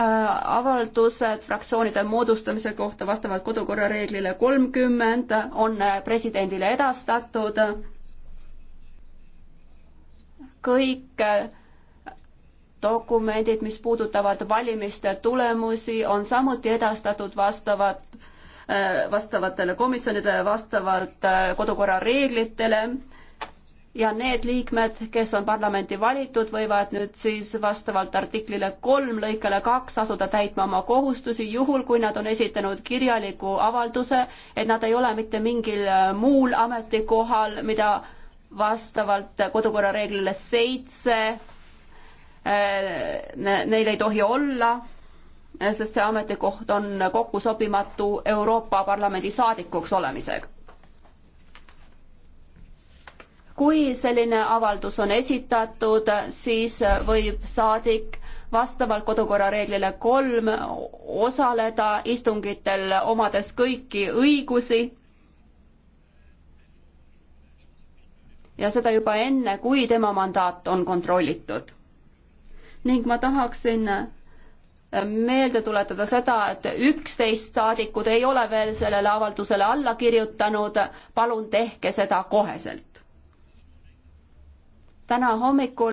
Äh, avaldused fraktsioonide moodustamise kohta vastavalt kodukorra reeglile kolmkümmend on äh, presidendile edastatud. kõik äh, dokumendid, mis puudutavad valimiste tulemusi, on samuti edastatud vastavalt, vastavatele komisjonidele, vastavalt kodukorra reeglitele ja need liikmed, kes on parlamenti valitud, võivad nüüd siis vastavalt artiklile kolm lõikele kaks asuda täitma oma kohustusi, juhul kui nad on esitanud kirjaliku avalduse, et nad ei ole mitte mingil äh, muul ametikohal, mida vastavalt kodukorra reeglile seitse äh, neil ei tohi olla, äh, sest see ametikoht on kokku sobimatu Euroopa Parlamendi saadikuks olemisega kui selline avaldus on esitatud, siis võib saadik vastavalt kodukorra reeglile kolm osaleda istungitel, omades kõiki õigusi. ja seda juba enne, kui tema mandaat on kontrollitud. ning ma tahaksin meelde tuletada seda, et üksteist saadikud ei ole veel sellele avaldusele alla kirjutanud. palun tehke seda koheselt täna hommikul